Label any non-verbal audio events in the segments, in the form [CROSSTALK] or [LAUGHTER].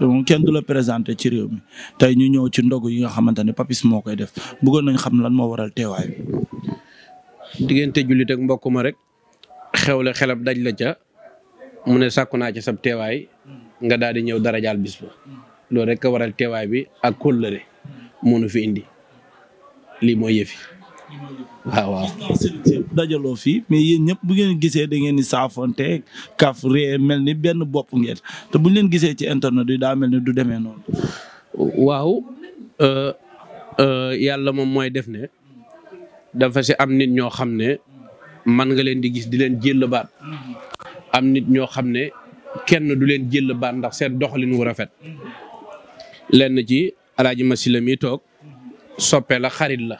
moom kenn du la présenté ci réew mi tey ñu ñëw ci ndogu yi nga xamante ne Papis moo koy def bëggoon nañu xam lan moo waral teewaay bi. diggante jullit ak mbokk ma rek xewle xelam daj la ca mu ne sàkku naa ci sab teewaay nga daal di ñëw dara jaal bis ba loolu rek a waral teewaay bi ak kóllëre moo nu fi indi lii mooy yëfi. waaw waaw dajaloo fii mais yéen ñëpp bu ngeen gisee da ngeen di saafonte kaf ree mel ni benn bopp ngeen te bu ñu leen gisee ci internet yi daa mel ni du demee noonu. waaw euh, euh, yàlla moom mooy def ne dafa si am nit ñoo xam ne man nga leen di gis di leen jël baat am nit ñoo xam ne kenn du leen jël baat ndax seen doxalin wu rafet lenn ci alaaji masila mi toog soppe la xarit la.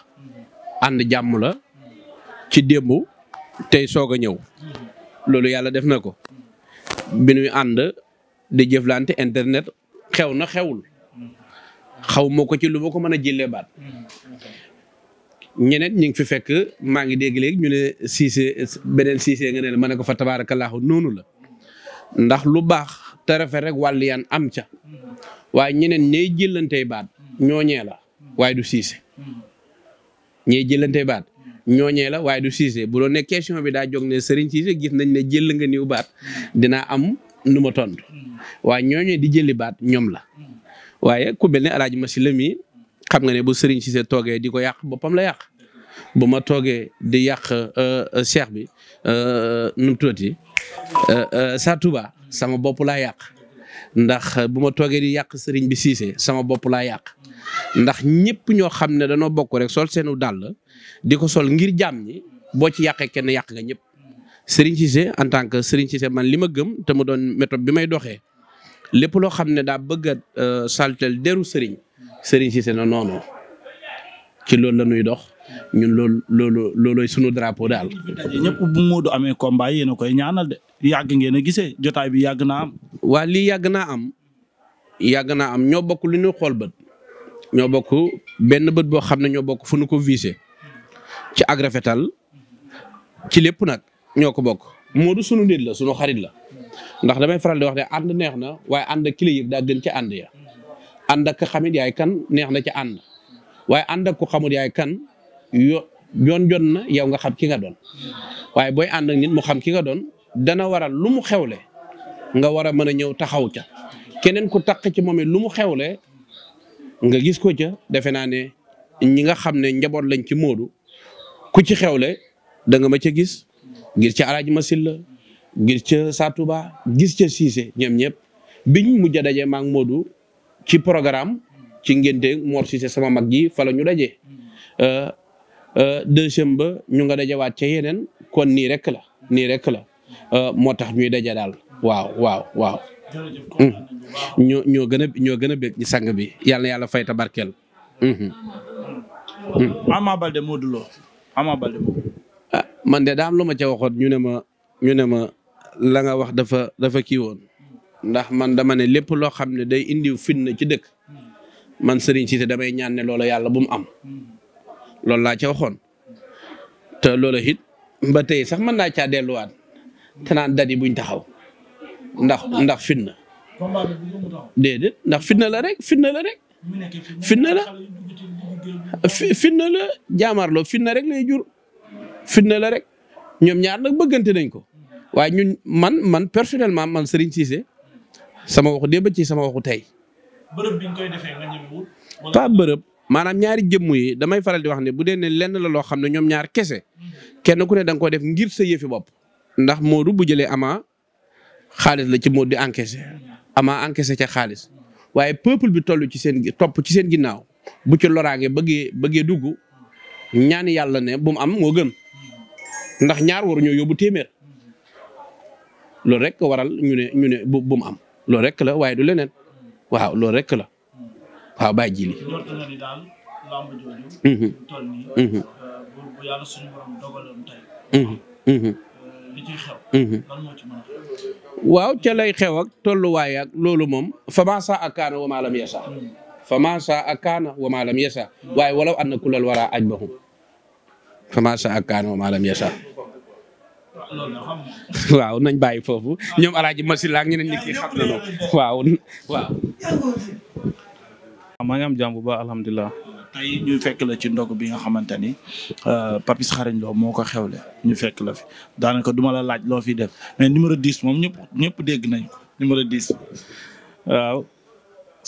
ànd jàmm la ci démb tey soog a ñëw loolu yàlla def na ko bi wi ànd di jëflante internet xew na xewul xaw ma ko ci lu ma ko mën a jëlee baat ñeneen ñu ngi fi fekk maa ngi dégg léegi ñu ne Cissé beneen Cissé nga ne la ma ne ko fa tabaarakallaahu noonu la ndax lu baax te rafet rek wàllu am ca waaye ñeneen ñay jëlantey baat ñooñee waaye du Cissé ñiy jëlante baat ñooñee la waaye du Cissé bu doon ne question bi daa jog ne Serigne Cissé gis nañ ne jël nga niw baat dinaa am nu ma tontu waaye ñooñee di jëli baat ñoom la waaye ku mel ne El Hadj Massi la mii xam nga ne bu Serigne Cissé toogee di ko yàq boppam la yàq bu ma toogee di yàq euh, euh, Cheikh bi euh, nu mu tuddati Sa sama bopp laa yàq ndax bu ma toogee di yàq Serigne bi Cissé sama bopp laa yàq. ndax ñëpp ñoo xam ne danoo bokk rek sol seenu dàll di ko sol ngir jaam ñi boo ci yàqee kenn yàq nga ñëpp. Serigne Cissé en tant que Serigne Cissé man li ma gëm te mu doon méthode bi may doxee lépp loo xam ne daa bëgg a euh, saltel deru sëriñ Serigne Cissé na noonu ci loolu la ñuy dox. ñun loolu loolu loolooy sunu drapeau daal. ñëpp bu Modou amee combat yéen koy ñaanal de yàgg ngeen a gisee jotaay bi yàgg naa am. waa lii yàgg naa am yàgg naa am ñoo bokk lu ñu xool bët ñoo bokk benn bët boo xam ne ñoo bokk fu nu ko visé ci ak rafetal ci lépp nag ñoo ko bokk Modou sunu nit la sunu xarit la ndax damay faral di wax ne ànd neex na waaye ànd ak kile yëpp daa ci ànd ya ànd ak xamit kan neex na ci ànd waaye ànd ak ku xamul yaay kan yo yoon jon na yow nga xam ki nga doon waaye booy ànd ak nit mu xam ki nga doon dana waral lu mu xewle nga war a mën a ñëw taxaw ca keneen ku taq ci moom it lu mu xewle nga gis ko ca defe naa ne ñi nga xam ne njaboot lañ ci Modou ku ci xewle da nga ma ca gis gis ca Alaaji Masilla gis ca Satouba gis ca Cissé ñoom ñëpp biñ mujj a daje maak moodu ci programme ci ngénte Mor Cissé sama mag ji fa ñu daje. Euh, euh, deuxième ba ñu nga dajewaat ca yeneen kon nii rek la nii rek la euh, moo tax ñuy daje daal waaw waaw. Mm. ñoo ñoo gën a ñoo gën a bëgg ci sang bi yàlla na yàlla fay ta barkeel. Mm-hmm. Mm. Ama Baldé Modou Lo Ama Baldé ah, man de daa am lu ma ca waxoon ñu ne ma ñu ne ma la nga wax dafa dafa kii woon ndax man dama ne lépp loo xam ne day indi fitna ci dëkk man sëriñ Cissé damay ñaan ne loola yàlla bu mu am loolu laa ca waxoon te loola it ba tey sax man naa caa delluwaat te naan dadi buñ taxaw. ndax ndax fitna déedéet ndax fitna la rek fitna la rek fitna la fitna la jaamaarloo fitna rek lay jur fitna la rek ñoom ñaar nag bëggante nañ ko waaye ñun man man personnellement man Serigne Cissé sama waxu démb ci sama waxu tey. bërëb bi nga bërëb maanaam ñaari jëmm yi damay faral di wax ne bu dee ne lenn la loo xam ne ñoom ñaar kese kenn ku ne da ko def ngir sa yëfi bopp ndax Modou bu jëlee xaalis la ci moo di encaissé ama encaissé ca xaalis waaye peuple bi toll ci seen topp ci seen ginnaaw bu ci loraange bëggee bëggee dugg ñaan yàlla ne bu mu am moo gën ndax ñaar waru ñoo yóbbu téeméer loolu rek waral ñune ne ñu ne bu bu mu am loolu rek la waaye du leneen waaw loolu rek la waaw bàyyi ji li waaw ca lay xew ak tolluwaay ak loolu moom famasa akaana wa maalam wa maalam yasa waaye walaw anna kulal wara ajbahum famasa akaana wa maalam yasa waaw nañ bàyyi foofu ñoom alaaji masila ak ñeneen nit ki xam nañu waaw waaw bu baax alhamdulilah tey ñuy fekk la ci ndog bi nga xamante ni euh, Papis Xarañ loo moo ko xewle ñu fekk la fi daanaka duma la laaj loo fi def mais numéro diis moom ñëpp ñëpp dégg nañ ko numéro 10. waaw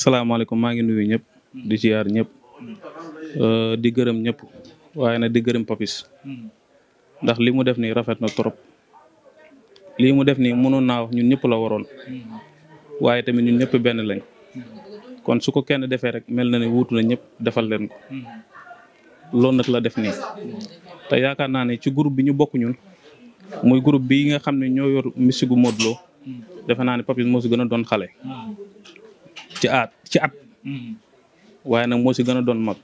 salaamaaleykum maa ngi nuyu ñëpp di ci ñëpp euh, di gërëm ñëpp waaye nag di gërëm Papis ndax li mu def nii rafet na trop li mu def ni mënoon naa wax ñun ñëpp la waroon hmm. waaye tamit ñun ñëpp benn lañ hmm. kon su ko kenn defee rek mel na ne wuutu na ñëpp defal leen ko loolu nag la def nii te yaakaar naa ne ci groupe bi ñu bokk ñun muy groupe bi nga xam ne ñoo yor musigu Modou loo defe naa ne Papis moo si gën a doon xale ci at ci at waaye nag moo si gën a doon mag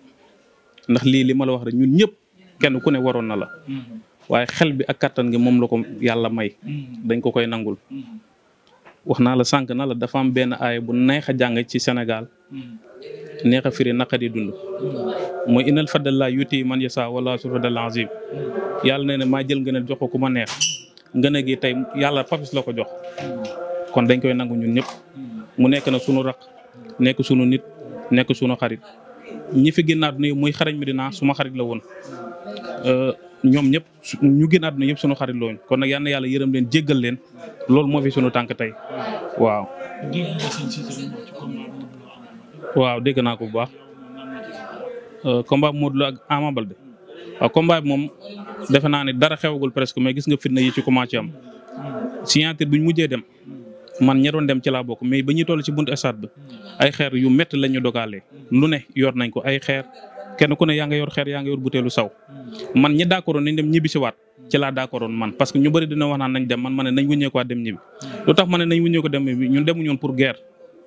ndax lii li ma la wax rek ñun ñëpp kenn ku ne waroon na la mm. waaye xel bi ak kattan gi moom la ko yàlla may mm. dañ ko koy nangul mm. wax naa la sànq na la dafa am benn aay bu neex a jàng ci senegal neex a firi naqari dund mooy inal fadalla yuti man yasa wala sufadal azim yàlla nee na maa jël ngëneel jox ko ma neex ngëneel gi tey yàlla papis la ko jox kon dañ koy nangu ñun ñëpp mu nekk na sunu raq nekk sunu nit nekk sunu xarit ñi fi génnaat nii muy xarañ mi dinaa suma xarit la woon euh, ñoom ñëpp ñu génn àdduna ñëpp sunu xarit looñ kon nag yal na yàlla yërëm leen jéggal leen loolu moo fi sunu tànk tey waaw. waaw dégg naa ko bu baax. Euh, combat Modou Lo ak Ama Baldé waaw bi moom defe naa ne dara xewagul presque mais gis nga fitna yi ci commencé am. signature buñ mujjee dem man ña doon dem ci laa bokk mais ba ñuy toll ci bunt stade bi ay xeer yu métti lañ ñu dogalee lu ne yor nañ ko ay xeer. kenn ku ne yaa nga yor xeer yaa nga yor butéelu saw man ñi d'accordoon nañ dem ñibbi si waat ci laa d'accordoon man parce que ñu bëri dina wax nañ dem man ma nañ wuññee ko dem ñibbi lu tax ma nañ wuññee dem ñibbi ñun demuñoon pour guerre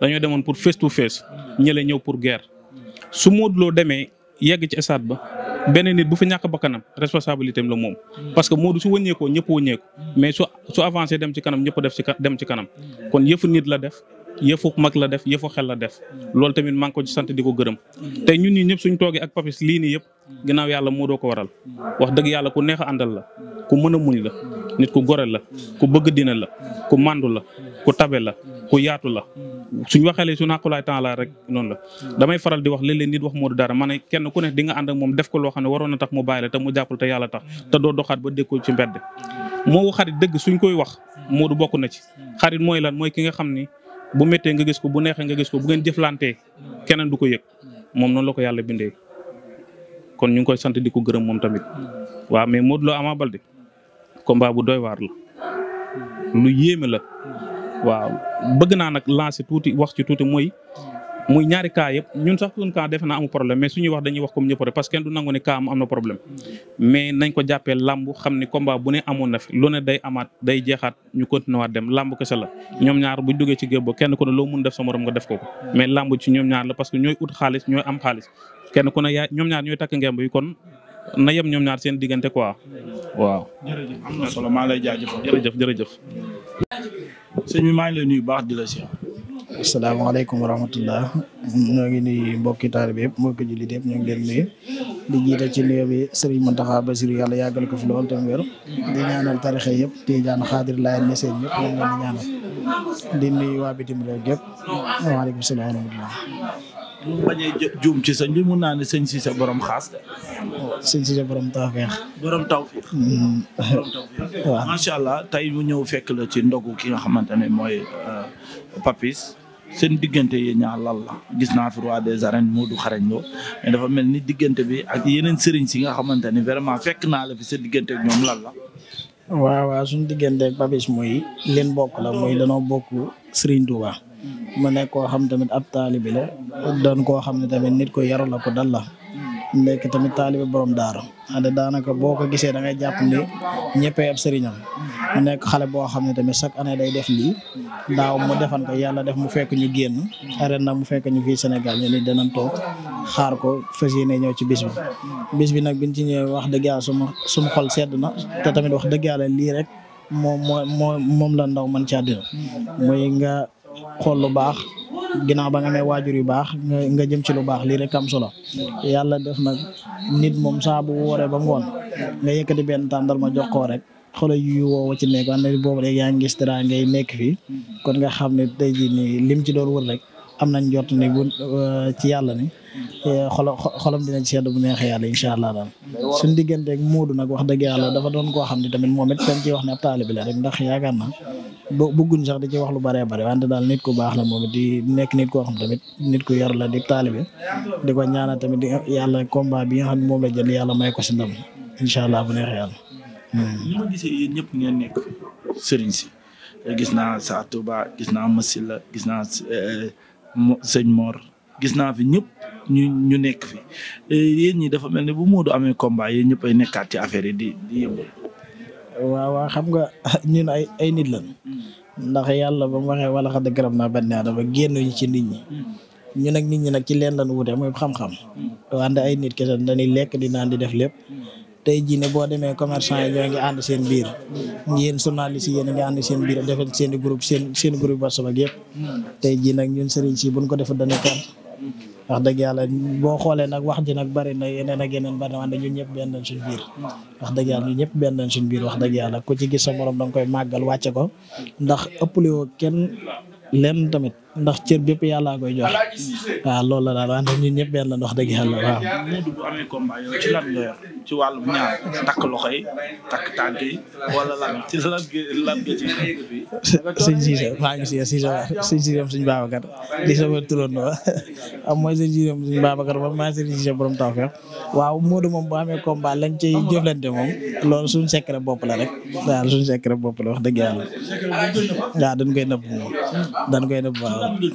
dañoo demoon pour face to face ñële ñëw pour guerre su Modou Lo demee yegg ci stade ba beneen nit bu fi ñàkk ba kanam responsabilité la moom parce que Modou su wëññeekoo ñëpp wëññeeku mais su su avancé dem ci kanam ñëpp def ci dem ci kanam yëfu mag la def yëfu xel la def loolu tamit maa ngi ko ci sant di ko gërëm te ñun ñi ñëpp suñ toogee ak papis lii nii yëpp ginnaaw yàlla moo doo ko waral wax dëgg yàlla ku neex a la ku mën a muñ la nit ku gore la ku bëgg dina la ku màndu la ku tabe la ku yaatu la suñ waxeele su naaqulaay temps la rek noonu la damay faral di wax léeg-léeg nit wax Modou dara ma ne kenn ku ne di nga ànd moom def ko loo xam ne waroon na tax mu bàyyi la te mu jàppal te yàlla tax ba déggoo ci mbedd moo xarit dëgg suñ koy wax Modou bokk na ci xarit mooy lan mooy ki xam ni bu méttee nga gis ko bu neexee nga gis ko bu ngeen jëflantee keneen du ko yëg moom noonu la ko yàlla bindee kon ñu ngi koy sant di ko gërëm moom tamit waaw mais Modou Lo Ama balde combat bu doy waar la lu yéeme la waaw bëgg naa nag lancer tuuti wax ci tuuti moy muy ñaari kaa yëpp ñun sax suñu cas defe naa amu problème mais wax dañuy wax comme ñëpp rek parce que kenn du nangu ne cas am am na nañ ko jàppee làmb xam ni combat bu ne amoon na fi lu ne day amaat day jeexaat ñu continué waat dem làmb kese la. ñoom ñaar buñ duggee ci géej ba kenn ku ne loo mun def sa morom nga def ko ko mais làmb ci ñoom ñaar la parce que ñooy ut xaalis ñooy am xaalis kenn ku ne yaa ñoom ñaar ñooy takk ngemb kon. na yem ñoom ñaar seen diggante quoi waaw. jërëjëf am solo maa lay jaajëfal jërëjëf jërëjëf. sëñ bi maa ngi lay baax di la si. asalaamaaleykum wa rahmatullah ñoo ngi nuyu mbokki taalibe yëpp mbokki jullit yëpp ñoo ngi leen nuyu ci nuyoo bi Serigne Mountakha Bassirou yàlla yàggal ko fi lool te mu wér di ñaanal tarixe yëpp Tijaan Xaadir Laayeen Ñaseen yëpp ñoo ngi leen di ñaanal di nuyu waa bitim réew yëpp waaleykum salaam wa rahmatullah mu bañee juum ci sëñ bi mun naa sëñ si sa borom xaas de. sëñ si sa borom tawfeex. borom tawfeex. Mm. [LAUGHS] waaw macha allah tey mu ñëw fekk la ci ndogu ki nga xamante ne mooy euh, Papis seen diggante yi ñaar lal la gis naa fi roi des arènes Modou xarañ loo mais dafa mel ni diggante bi ak yeneen sëriñ si nga xamante ni vraiment fekk naa le fi seen diggante ñoom lal la. waaw waaw diggante ak Papis mooy leen bokk la mooy danoo bokk sëriñ Touba. mu nekk koo xam tamit ab taalibi la doon koo xam ne tamit nit ko yaru la ko dal la nekk tamit taalibi borom daara ande daanaka boo ko gisee da ngay jàpp ne ñëppay ab sëriñam mu nekk xale boo xam ne tamit chaque année day def lii daaw mu defan ko yàlla def mu fekk ñu génn ren nag mu fekk ñu fii senegal ñu ni danañ toog xaar ko fas yéene ñëw ci bis bi bis bi nag biñ ci wax dëgg yàlla suma sumu xol sedd na te tamit wax dëgg yàlla lii rek moom moo moom la ndaw man ci àddina muy nga xool lu baax ginnaaw ba nga amee waajur yu baax nga nga jëm ci lu baax lii rek am solo yàlla def nag nit moom saa bu wooree ba ngoon nga yëkkati benn tàndal ma jox ko rek xoolal yu woowa ci nekk wante boobu rek yaa ngi gis nekk fii mm-hmm. kon nga xam ne tey jii nii lim ci doon wër rek am nañ jot ne bu euh, ci yàlla ni mm-hmm. eh, xolam xolam dina ci sedd bu neexee yàlla incha allah daal suñ diggante ak Moodu nag wax dëgg yàlla dafa doon koo xam ne tamit moom it dañ ciy wax ne ab taalibe la rek ndax yaakaar na boo bëgguñ sax di ci wax lu bëree bëri wante daal nit ku baax la moom di nekk nit koo xam tamit nit ku yar la di taalibe di ko ñaanal tamit yàlla combat bi nga xam ne moom la jël yàlla may ko si ndam incha allah bu neexee yàlla Hmm. ni ma gisee yéen ñëpp ngeen nekk sëriñ si gis naa Sa Touba gis naa Masila gis naa eh, sëñ Mor gis naa fi ñëpp ñu ñu nekk fi eh, yéen ñi dafa mel ni bu Modou amee combat yéen ñëpp ay nekkaat ci affaire yi di di yëngu. xam nga [LAUGHS] ñun ay ay nit lañ. Hmm. ndax yàlla ba mu waxee wala xam ne garab naa benn aadama ñu ci nit ñi. Hmm. ñu nag nit ñi nag ci leen lan wute mooy xam-xam. ànd ay nit kese dañuy lekk di naan di def lépp. tey jii ne boo demee commerçant yi ngi ànd seen biir yéen journaliste yi yéen a ngi ànd seen biir defal seen i groupe seen seen groupe WhatsApp ak yëpp tey jii nag ñun sëriñ si buñ ko defal dana kar wax dëgg yàlla boo xoolee nag wax ji nag bari na yeneen ak yeneen bari na wante ñun ñëpp benn suñ biir wax dëgg yàlla ñun ñëpp benn suñ biir wax dëgg yàlla ku ci gis sa morom danga koy màggal wàcce ko ndax ëpp leen kenn lenn tamit ndax cër bépp yàllaa koy jox waaw loolu la daal wante ñun ñëpp benn la wax dëgg yàlla waaw. Modou bu amee combat yow ci lan nga yor ci wàllum ñaar takk loxo yi takk tànk yi wala lan ci lan lan nga ci. sëñ Cissé maa ngi siy Cissé waaw sëñ Cissé am suñu Babacar di sama turandoo am mooy sëñ Cissé am suñu Babacar ba maa sëñ Cissé borom tawfeex waaw Modou moom bu amee combat lañ cay jëflante moom loolu suñu secret bopp la rek waaw suñu secret bopp la wax dëgg yàlla waaw dañ koy nëbb moom dañ koy nëbb waaw. a boo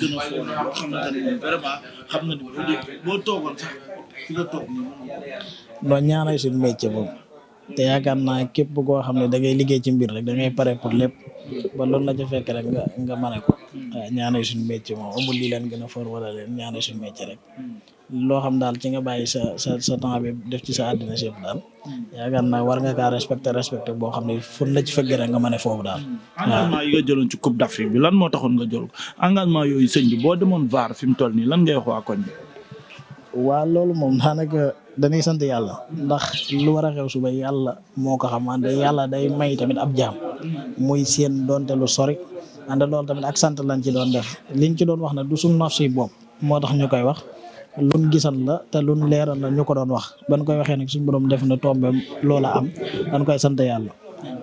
xamante vraiment xam nga ni boo toogoon sax fi nga toog nii. non ñaanal suñu te yaakaar naa képp koo xam ne da ngay liggéey ci mbir rek da ngay pare pour lépp ba loolu la ca fekk rek nga nga mën ko ñaanal suñu métier moom amul lii leen gën a for wala leen ñaanal suñu métier rek loo xam daal ci nga bàyyi sa sa sa temps bi def ci sa àddina sépp daal yaakaar naa war nga kaa respecté respecté boo xam ne fun la ci fekk rek nga mën a foofu daal. engagement yi nga jëloon ci Coupe bi lan moo taxoon nga jël ko yooyu sëñ bi boo demoon fi mu toll nii lan ngay wax waa koñ bi. waa loolu daanaka. dañuy sant yàlla ndax lu war a xew suba yàlla moo ko xam ande yàlla day may tamit ab jaam muy seen doonte lu sori ande loolu tamit ak sant lañ ci doon def liñ ci doon wax ne du suñ naf si bopp moo tax ñu koy wax lun gisan la te luñ leeral la ñu ko doon wax ban koy waxee nag suñ borom def na tombe loola am dañ koy sant yàlla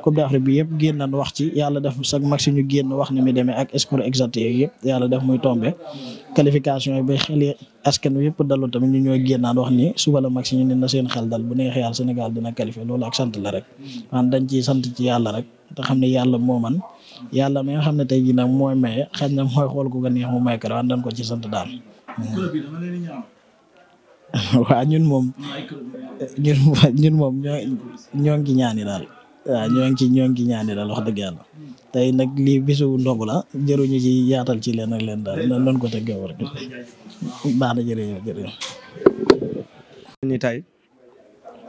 coupe d'Afrique bi yëpp génn nañ wax ci yàlla def chaque match ñu génn wax ni mi demee ak score yëpp yàlla def muy tombé qualification yi ba xeli askan wi yëpp dallu tamit ñu ñooy génn naan wax ni suba la match ñu ne na seen xel dal bu neexee yàlla Sénégal dina qualifié loolu ak sant la rek waan dañ ci sant ci yàlla rek te xam ne yàlla moo man yàlla mi nga xam ne tey jii mooy maye xëy na mooy xool ku ko neex mu may ko ko ci sant daal [LAUGHS] waaw ñun moom ñun moom ñoo ñoo ngi ñaani daal waaw ñoo ngi ci ñoo ngi ci ñaani daal wax dëgg yàlla tey nag lii bisu ndogu la jëruñu ci yaatal ci leen ak leen daal na noonu ko tëggee war baax na jërëjëf jërëjëf ni tey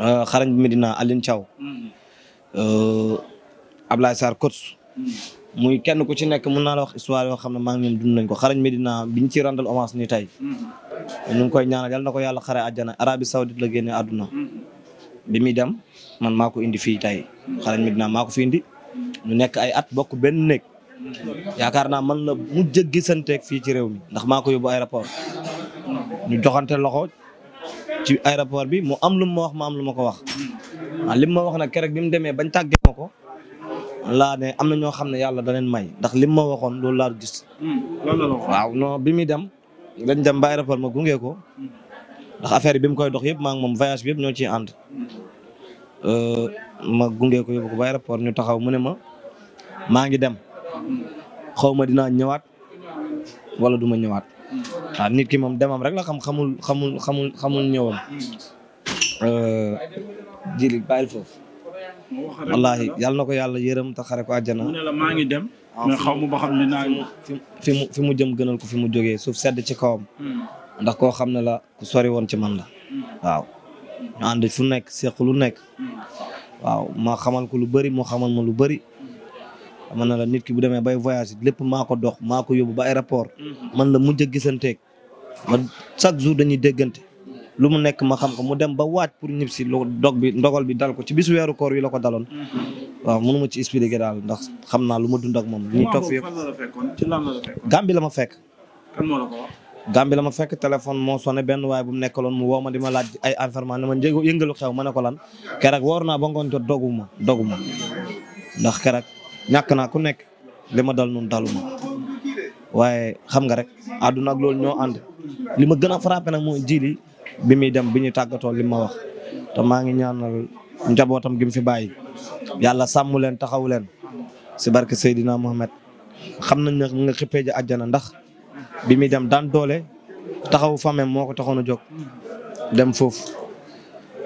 euh, xarañ bi Medina Aline Thiaw euh, Ablaye Sarr coach muy kenn ku ci nekk mun naa la wax histoire yoo xam ne maa ngi ñoom dund nañ ko xarañ Medina biñ ci randal hommage ni tey ñu ngi koy ñaanal yal na ko yàlla xare àjjana Arabie Saoudite la génne àdduna bi muy dem man maa ko indi fii tey xarañ mi dinaa maa ko fi indi ñu nekk ay at bokk benn néeg yaakaar naa man la mu jëggi santeeg fii ci réew mi ndax maako ko yóbbu aéroport ñu joxante loxo ci aéroport bi mu am lu ma wax ma am lu ma ko wax waaw lim ma wax nag keroog bi mu demee bañ tàggee ma ko laa ne am na ñoo xam ne yàlla da may ndax lim ma waxoon loolu laa gis waaw non bi muy dem dañ dem ba aéroport ma gunge ko ndax affaire bi mu koy dox yëpp maa moom voyage bi yëpp ñoo ciy ànd Euh, ma gunge ko yóbbu ko ba aéroport ñu taxaw mu ne ma maa ngi dem xaw ma dinaa ñëwaat wala duma ma ñëwaat nit ki moom demam rek la xam xamul xamul xamul xamul ñëwam euh, jili bàyyil foofu wallahi yàlla na ko yàlla yërëm te ko àjjana mu ne la maa fi mu fi mu jëm gënal ko fi mu jógee suuf sedd ci kawam hmm. ndax koo xam ne la ku sori woon ci man la hmm. waaw ñu ànd fu nekk seq lu nekk waaw ma xamal ko lu bari moo xamal ma lu bari xam na la nit ki bu demee bay voyage lépp maa ko dox maa ko yóbbu ba aéroport mm-hmm. man la mujj a gisanteek man chaque jour dañuy déggante lu mu nekk ma xam ko mu dem ba waaj pour ñib si lu dog bi ndogal bi dal ko ci bis weeru koor yi la ko daloon mm-hmm. waaw mënu ma ci expliquer daal ndax xam naa lu ma dund ak moom ñu toog fi fekk Gàmbi la ma fekk téléphone moo sonné benn waaye bu mu nekkaloon mu woo ma di ma laaj ay information ne ma njëgu yëngalu xew ma ne ko lan keroog woor naa ba ngoon jot dogu ma dogu ma ndax keroog ñàkk naa ku nekk li ma dal noonu dalu ma waaye xam nga rek àdduna ak loolu ñoo ànd li ma gën a frappé nag mooy jili bi muy dem bi ñu tàggatoo li ma wax te maa ngi ñaanal njabootam gi mu fi bàyyi yàlla sàmm leen taxaw leen si barke Seydina Mohamed xam nañ ne nga xippee ji àjjana ndax bi muy dem daan doole taxaw famem moo ko taxoon a jóg dem foofu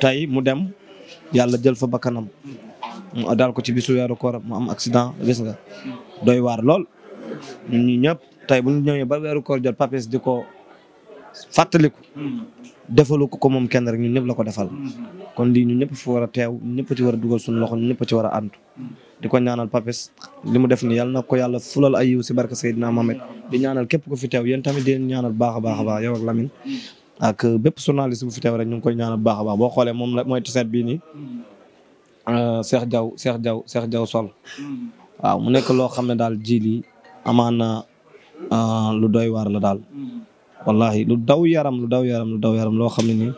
tey mu dem yàlla jël fa bakkanam mu daal ko ci bisu weeru kooram mu am accident gis nga doy waar lool ñun ñi ñëpp tey bu ñu ñëwee ba weeru jot papis di ko fàttaliku defalu ko ko moom kenn rek ñun ñëpp la ko defal mm-hmm. kon lii ñun ñëpp fi war a teew ñëpp ci war a dugal suñu loxo ñëpp ci war a àntu mm-hmm. di ko ñaanal papis li mu def ni na ko yàlla fulal ay yiw si barka Seydina na di ñaanal képp ku fi teew yéen tamit di ñaanal baax a baax a baax yow ak Lamine mm-hmm. ak euh, bu fi teew rek ñu ngi koy ñaanal baax a baax boo xoolee moom la mooy tiset bii nii euh, Cheikh Diaw Cheikh Diaw Cheikh Diaw sol waaw mu nekk loo xam ne daal ji lii amaan na euh, lu doy waar la daal wallahi lu daw yaram lu daw yaram lu daw yaram loo xam ne nii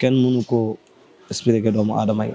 kenn mënu koo expliquer doomu aadama yi